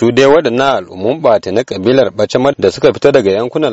su dai waɗannan al'ummun ta na kabilar bacamar da suka fita daga yankunan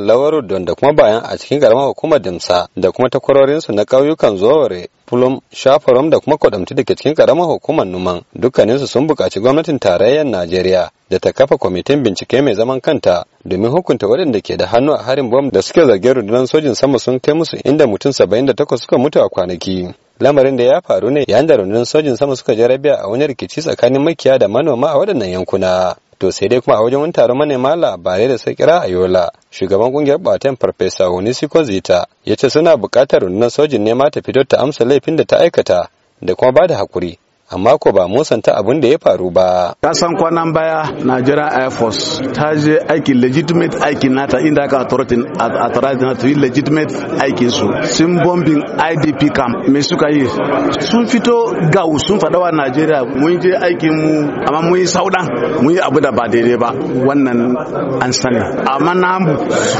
don da kuma bayan a cikin karamar hukumar damsa da kuma takwarorinsu na ƙauyukan zoware fulum shafarom da kuma kwadamti da cikin karamar hukumar numan dukkaninsu sun buƙaci gwamnatin tarayyar najeriya da ta kafa kwamitin bincike mai zaman kanta domin hukunta waɗanda ke da hannu a harin bom da suke zargin rundunar sojin sama sun kai musu inda mutum saba'in da 78 suka mutu a kwanaki lamarin da ya faru ne yayin da rundunar sojin sama suka je rabiya a wani rikici tsakanin makiya da manoma a waɗannan yankuna to sai dai kuma a wajen wani taron manema labarai da sakira kira a yola shugaban kungiyar baten farfesa onisiko zita ya ce suna bukatar rundunar sojin nema ta fito ta amsa laifin da ta aikata da kuma ba da haƙuri amma ko ba santa abin da ya faru ba. Ka san kwanan baya Nigerian Air Force ta je aiki legitimate aikin nata inda aka authorize na to yi legitimate aikin su. Sun bombing IDP camp me suka yi. Sun fito gawu sun fada wa Nigeria. mun je aikin mu amma mun yi saudan mun yi abu da ba daidai ba wannan an sani. Amma na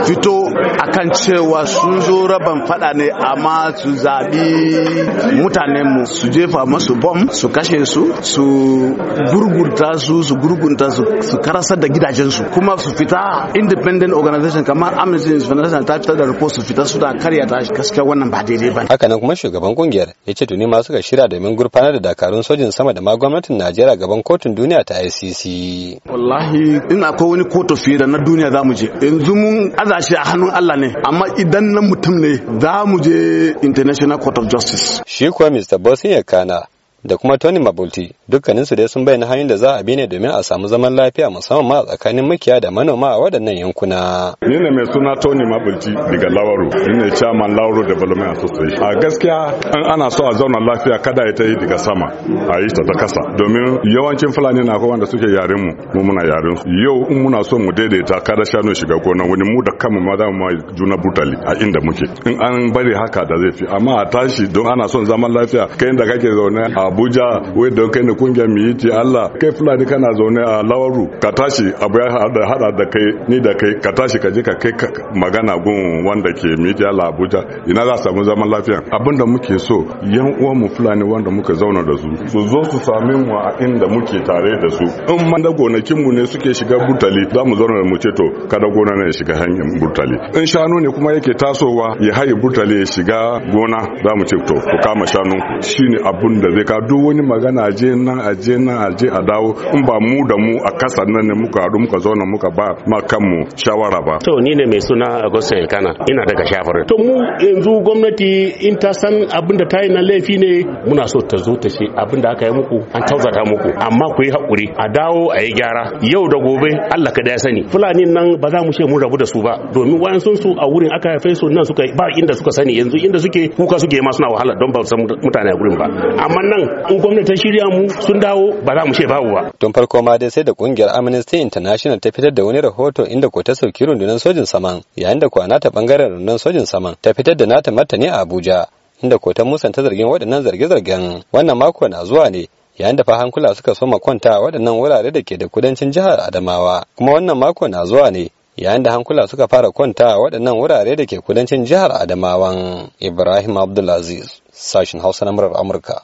fito akan cewa sun zo raban faɗa ne amma su zaɓi mutanenmu su jefa masu bom su kashe su su gurgunta su su gurgunta su su karasar da gidajensu kuma su fita independent organization kamar Amnesty International ta fitar da report su fita su da karya ta gaskiya wannan ba daidai ba haka nan kuma shugaban kungiyar ya ce tuni ma suka shirya domin gurfanar da dakarun sojin sama da ma gwamnatin Najeriya gaban kotun duniya ta ICC wallahi in akwai wani court of da na duniya zamu je yanzu mun azashi a hannun Allah ne amma idan nan mutum ne za mu je International Court of Justice shi kuwa Mr. Bosin Kana. da kuma Tony Mabulti dukkaninsu dai sun bayyana hanyoyin da za a bi ne domin a samu zaman lafiya musamman ma tsakanin makiya da manoma a waɗannan yankuna. Ni ne mai suna Tony Mabulti daga Lawaro, ni ne chairman Lawaro Development Association. A gaskiya an ana so a zauna lafiya kada ita yi daga sama a yi ta kasa domin yawancin Fulani na kowa wanda suke yaren mu mu muna yaren su. Yau in muna so mu daidaita kada shanu shiga gona wani mu da kanmu ma za mu ma juna butali a inda muke. In an bari haka da zai fi amma a tashi don ana son zaman lafiya kai da kake zaune a Abuja wai da kai ne kungiyar mu yi Allah kai Fulani kana zaune a Lawaru ka tashi abu ya hada da kai ni da kai ka tashi ka je ka kai magana gun wanda ke mu Allah Abuja ina za samu zaman lafiya abinda muke so yan uwan mu Fulani wanda muka zauna da su su zo su sami mu a inda muke tare da su in man da gonakin mu ne suke shiga burtali za mu zauna mu ce to kada gona ne shiga hanyar burtali in shanu ne kuma yake tasowa ya haye burtali ya shiga gona za mu ce to ku kama shanu shine abun da zai a duk wani magana je nan a je nan a je a dawo in ba mu da mu a kasa nan ne muka haɗu muka nan muka ba ma kanmu shawara ba to ni ne mai suna Augusto Elkana ina daga shafar to mu yanzu gwamnati in ta san abinda ta yi na laifi ne muna so ta zo ta ce abinda aka yi muku an tauzata muku amma ku yi hakuri a dawo a yi gyara yau da gobe Allah ka da sani fulani nan ba za mu ce mun rabu da su ba domin wayan sun su a wurin aka haife su nan suka ba inda suka sani yanzu inda suke kuka suke ma suna wahala don ba san mutane a gurin ba amma nan in gwamnati ta shirya mu sun dawo ba za mu ce babu ba tun farko ma dai sai da kungiyar Amnesty International ta fitar da wani rahoto inda ko ta sauki rundunar sojin saman yayin da kwana ta bangaren rundunar sojin saman ta fitar da nata martani a Abuja inda ko ta musanta zargin waɗannan zarge-zargen wannan mako na zuwa ne yayin da fa hankula suka soma kwanta waɗannan wurare da ke da kudancin jihar Adamawa kuma wannan mako na zuwa ne yayin da hankula suka fara kwanta waɗannan wurare da ke kudancin jihar Adamawan Ibrahim Abdulaziz sashin Hausa na murar Amurka